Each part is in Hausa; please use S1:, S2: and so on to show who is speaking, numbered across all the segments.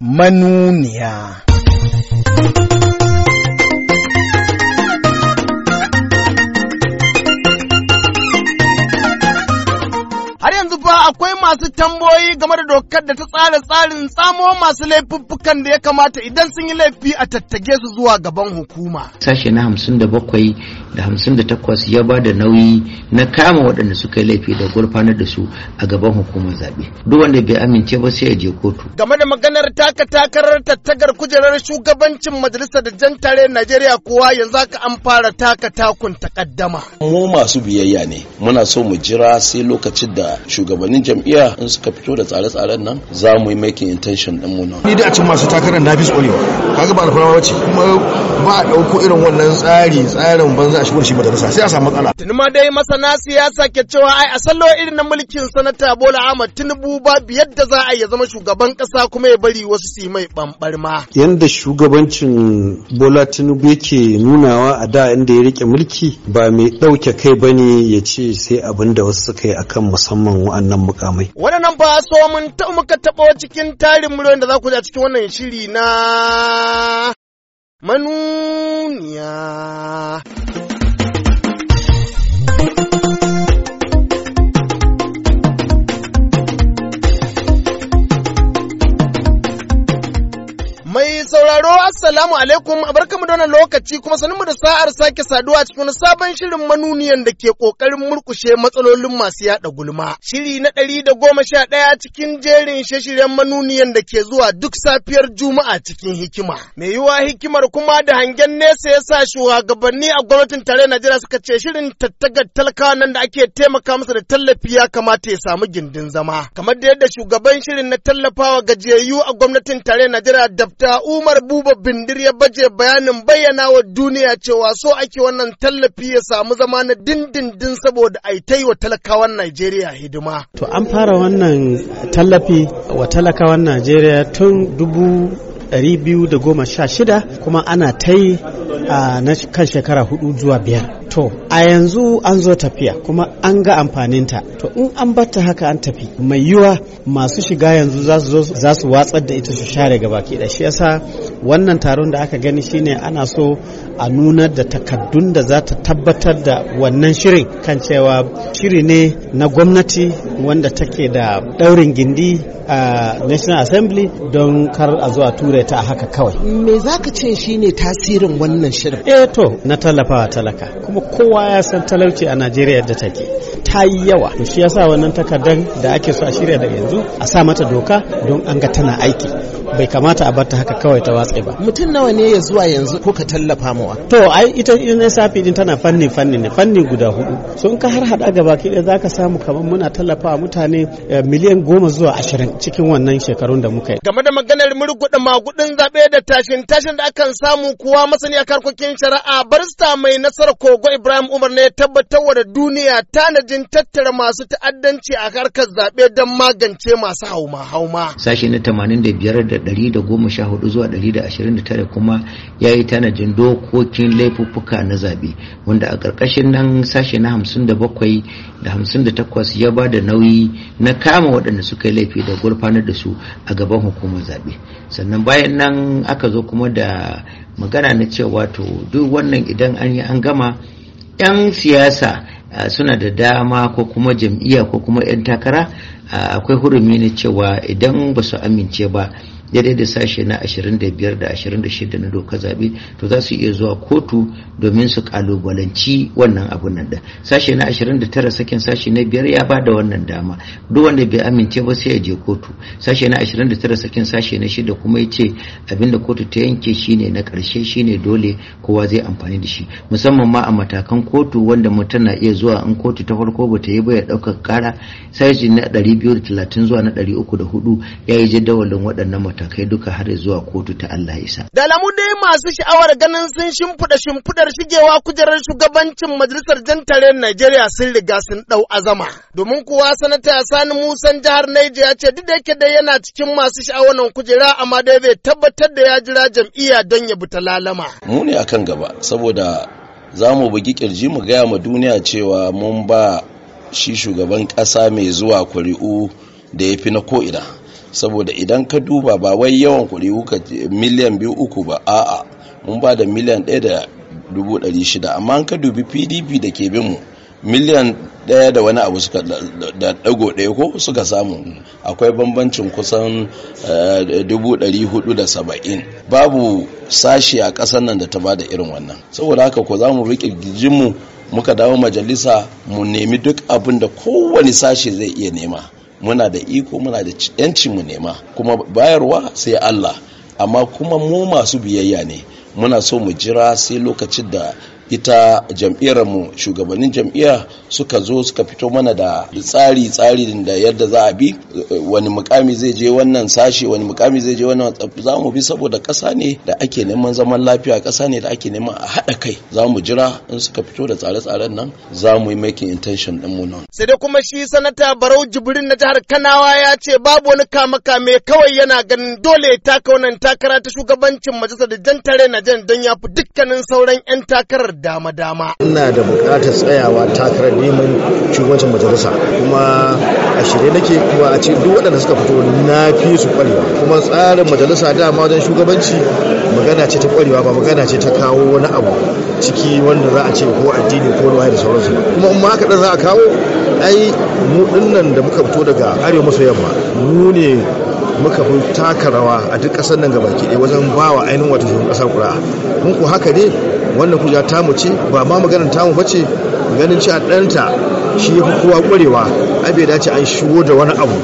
S1: manuniya. masu tambayoyi game da dokar da ta tsara tsarin tsamo masu laifuffukan da ya kamata idan sun yi laifi a tattage su zuwa gaban hukuma.
S2: Sashe na hamsin da bakwai da hamsin da takwas ya ba da nauyi na kama waɗanda suka yi laifi da gurfanar da su a gaban hukumar zaɓe. Duk wanda bai amince ba sai ya je kotu. Game da maganar
S1: taka takarar tattagar kujerar shugabancin majalisar da jan tare Najeriya kowa yanzu haka an fara taka takun takaddama.
S3: Mu masu biyayya ne muna so mu jira sai lokacin da shugabannin jam'iyyar jam'iyya in suka fito da tsare-tsaren nan za mu yi making intention din mu nan
S4: ni da a cikin masu takarar na fi k'a kaga ba alfarawa bace kuma ba a dauko irin wannan tsari tsarin banza a shigar shi madarasa sai a samu matsala
S1: tuni ma dai masana siyasa ke cewa ai a sallo irin na mulkin sanata Bola Ahmad Tinubu babu yadda za a ya zama shugaban kasa kuma ya bari wasu su yi mai bambarma
S5: yanda shugabancin Bola Tinubu yake nunawa a da inda ya rike mulki ba mai dauke kai bane ya ce sai abin da wasu suka yi akan musamman wa'annan mukamai
S1: Waɗannan ba so mun ta muka taɓo cikin tarin muryoyin da za ku a cikin wannan shiri na manuniya. sauraro assalamu alaikum a barkamu da wannan lokaci kuma sanin da sa'ar sake saduwa cikin sabon shirin manuniyan da ke kokarin murkushe matsalolin masu yada gulma. Shiri na ɗari da goma sha ɗaya cikin jerin shirin manuniyan da ke zuwa duk safiyar Juma'a cikin hikima. Mai yiwuwa hikimar kuma da hangen nesa ya sa shugabanni a gwamnatin tare Najeriya suka ce shirin tattagar talakawa nan da ake taimaka masa da tallafi ya kamata ya samu gindin zama. Kamar da yadda shugaban shirin na tallafawa gajiyayyu a gwamnatin tare Najeriya Dafta Umar Umar Buba Bindir ya baje bayanin bayyana wa duniya cewa so ake wannan tallafi ya samu zama na dindindin saboda a ta yi wa talakawan Najeriya
S6: hidima. To an fara wannan tallafi wa talakawan Najeriya tun dubu biyu da goma sha shida kuma ana ta yi na kan shekara hudu zuwa biyar to a yanzu an zo tafiya kuma an ga amfaninta to in an batta haka an tafi mai yiwa masu shiga yanzu za su watsar da ita su share gaba ke da shi yasa wannan taron da aka gani shine ana so a nunar da takaddun da za ta tabbatar da wannan shirin kan cewa shiri ne na gwamnati wanda take da daurin gindi a national assembly don kar a zuwa ture ta haka kawai me za ka ce shine tasirin wannan shirin eh to na tallafawa talaka kuma kowa ya san talauci a najeriya da take ta yi yawa to shi yasa wannan takardar da ake so a shirya da yanzu a sa mata doka don an ga tana aiki bai kamata a barta haka kawai ta watsa ba mutum nawa ne ya zuwa yanzu ko ka tallafa mawa to ai ita ina safi din tana fanni fanni ne fanni guda hudu so in ka har hada gaba ki da zaka samu kamar muna tallafa mutane eh, miliyan goma zuwa ashirin cikin wannan shekarun da muka yi game da maganar
S1: murguɗa magudin zabe da tashin tashin da akan samu kuwa masani a karkokin shari'a barista mai nasarar kogo ibrahim umar ne ya tabbatar da duniya tanajin tattara masu ta'addanci a harkar zaɓe don magance masu hauma hauma
S2: sashi na 85 da 114 zuwa 129 kuma ya yi tanajin dokokin laifuffuka na zaɓe wanda a ƙarƙashin nan sashe na 57 da 58 ya ba da nauyi na kama waɗanda suka yi laifi da gurfanar da su a gaban hukumar zaɓe sannan bayan nan aka zo kuma da magana na cewa to duk wannan idan an yi an gama 'yan siyasa suna da dama ko kuma jam'iyya ko kuma 'yan takara uh, akwai hurumi na cewa idan ba su amince ba daidai da sashe na 25 da 26 na dokar zaɓe to za su iya zuwa kotu domin su kalubalanci wannan abun nan da sashe na 29 sakin sashe na biyar ya bada wannan dama duk wanda bai amince ba sai ya je kotu sashe na 29 sakin sashe na shida kuma ya ce abinda kotu ta yanke shine na ƙarshe shine dole kowa zai amfani da shi musamman ma a matakan kotu wanda mutum na iya zuwa in kotu ta farko ba ta yi ba ya ɗaukar ƙara sashe na 230 zuwa na 304 ya yi jadawalin waɗannan matakai duka har zuwa kotu ta Allah isa.
S1: Da lamu dai masu sha'awar ganin sun shimfiɗa shimfiɗar shigewa kujerar shugabancin majalisar jantaren Najeriya sun riga sun ɗau azama. Domin kuwa sanata Sani Musan jihar Naija ya ce duk da yake dai yana cikin masu sha'awar nan kujera amma dai bai tabbatar da ya jira jam'iyya don ya bi ta lalama.
S3: Mu ne akan gaba saboda za mu bugi kirji mu gaya ma duniya cewa mun ba shi shugaban ƙasa mai zuwa kuri'u da ya fi na ko'ina saboda idan ka duba ba wai yawan kuri ka miliyan biyu uku ba a'a mun ba da miliyan ɗaya da dubu ɗari shida amma an ka dubi pdp da ke bin mu miliyan ɗaya da wani abu suka da ɗago ɗaya ko suka samu akwai bambancin kusan eh, dubu ɗari hudu da saba'in babu sashi a ƙasar nan da ta ba da irin wannan saboda haka ko za mu riƙe mu muka dawo majalisa mu nemi duk abin da kowane sashi zai iya nema muna da iko muna da yanci mu nema kuma bayarwa sai Allah amma kuma mu masu biyayya ne muna so mu jira sai lokacin da ita mu shugabannin jam'iyya suka zo suka fito mana da tsari tsari da yadda za a bi wani mukami zai je wannan sashe wani mukami zai je wannan za mu bi saboda ƙasa ne da ake neman zaman lafiya ƙasa ne da ake neman a haɗa kai za mu jira in suka fito da tsare-tsaren nan za mu yi making intention ɗin mu nan.
S1: sai dai kuma shi sanata barau jibrin na jihar kanawa ya ce babu wani kama kame kawai yana ganin dole ya taka wannan takara ta shugabancin majalisar da jan tare na jan don ya fi dukkanin sauran 'yan takarar dama-dama.
S4: Ina da bukatar tsayawa takarar neman shugabancin majalisa kuma a shirye nake kuma a ce duk waɗanda suka fito na fi su ƙwarewa kuma tsarin majalisa dama wajen shugabanci magana ce ta ƙwarewa ba magana ce ta kawo wani abu ciki wanda za a ce ko addini ko wani da sauransu kuma in ma haka za a kawo ai mu dinnan da muka fito daga arewa maso yamma mu ne muka fi taka rawa a duk ƙasar nan gabaki ɗaya wajen ba wa ainihin wata shugaban ƙasar ƙura mun ku haka ne wannan kuja tamu ce ba ma maganar tamu ba ce ganin cewa ɗanta shi ya fi kowa ƙwarewa a bai dace an shigo da wani abu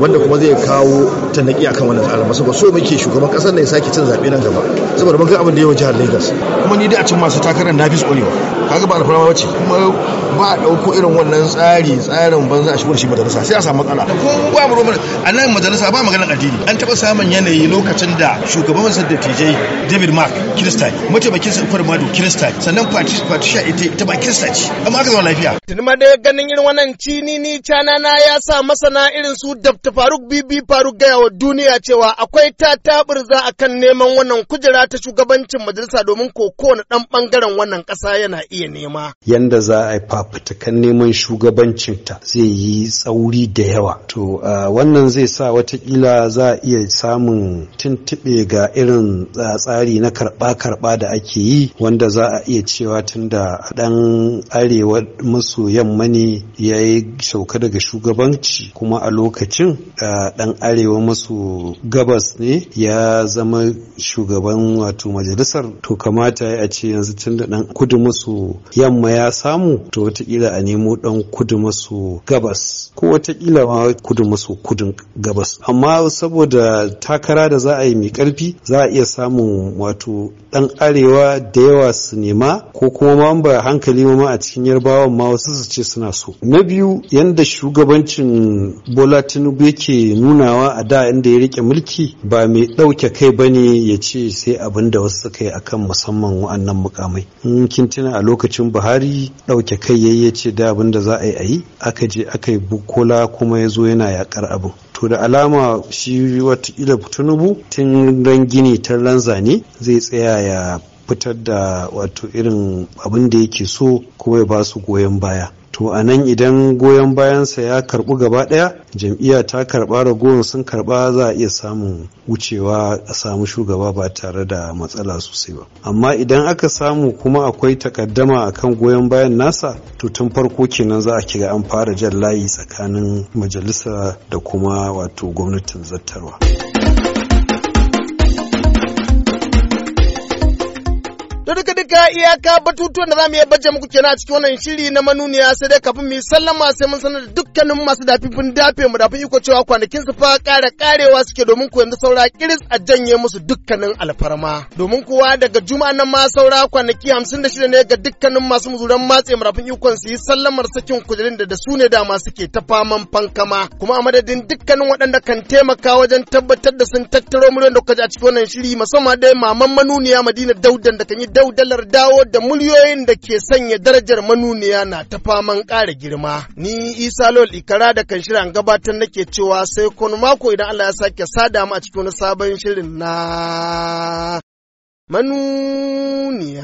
S4: wanda kuma zai kawo a akan wannan tsarin ba saboda so muke shugaban ƙasar ne ya sake cin zaɓe nan gaba saboda mun ga abin da yawa jihar Lagos kuma ni da a cin masu takarar na fi ƙwarewa kaga ba alfarma ce, kuma ba a ɗauko irin wannan tsari tsarin banza a shigo da shi majalisa sai a samu matsala ko ba mu romar a nan majalisa ba maganar addini an taɓa samun yanayi lokacin da shugaban masar dattijai David Mark Kirista ne mataimakin sa Ukwar Madu Kirista sannan Patricia ita ba Kirista ce kuma aka
S1: zama ganin irin wannan cini ni cana na ya sa masana irin su Dr. Faruk Bibi Faruk gaya wa duniya cewa akwai ta taburza kan neman wannan kujera ta shugabancin majalisa domin ko kowane ɗan ɓangaren wannan ƙasa yana iya nema.
S5: Yanda za a yi fafutukan neman shugabancinta zai yi tsauri da yawa. To wannan zai sa watakila za a iya samun tuntuɓe ga irin tsari na karɓa-karɓa da ake yi wanda za a iya cewa tun da ɗan are wa maso yamma ne ya yi sauka daga shugabanci kuma a lokacin dan arewa masu gabas ne ya zama shugaban wato majalisar to kamata ya ce yanzu tun da dan kudu masu yamma ya samu to watakila a nemo dan kudu masu gabas ko watakila ma kudu masu kudu gabas amma saboda takara da za a yi mai karfi za a iya samun wato dan arewa da yawa su nema ko kuma ma ba hankali ma a cikin yarbawan ma wasu su ce suna so na biyu yadda shugabancin bola tinubu yake nunawa a da inda ya rike mulki ba mai ɗauke kai bane ya ce sai abin da wasu suka yi akan musamman wa'annan mukamai in kin tuna a lokacin buhari ɗauke kai ya yayi ce da abin da za a yi a yi aka je aka yi bukola kuma ya zo yana yakar abin to da alama shi watakila tinubu tun ran gini ta ranza ne zai tsaya ya fitar da wato irin abin da yake so kuma ya ba su goyon baya to a nan idan goyon bayansa ya karbu gaba daya jam'iyya ta karba ragowar sun karba za a iya samun wucewa a samu shugaba ba tare da matsala sosai ba amma idan aka samu kuma akwai takaddama kan goyon bayan nasa to tun farko kenan za a kira an fara jan layi tsakanin majalisa da kuma wato gwamnatin zattarwa.
S1: To duka duka iyaka batutuwan da za mu iya baje muku kenan a cikin wannan shiri na manuniya sai dai kafin mu sallama sai mun sanar da dukkanin masu dafifin dafe mu dafi iko cewa kwanakin su fa ƙara ƙarewa suke domin ku yanzu saura kiris a janye musu dukkanin alfarma. Domin kuwa daga juma nan ma saura kwanaki hamsin da shida ne ga dukkanin masu muzuran matse mu dafin ikon su yi sallamar sakin kujerin da da su ne dama suke ta faman fankama kuma a madadin dukkanin waɗanda kan taimaka wajen tabbatar da sun tattaro miliyan da kuka ji a cikin wannan shiri musamman dai maman manuniya Madina Daudan da kan yi daudalar dawo da muliyoyin da ke sanya darajar manuniya na ta faman ƙara girma. Ni Isa Lol Ikara da kan shirin gabatar nake cewa sai kun mako idan Allah ya sake sada mu a cikin wani sabon shirin na manuniya.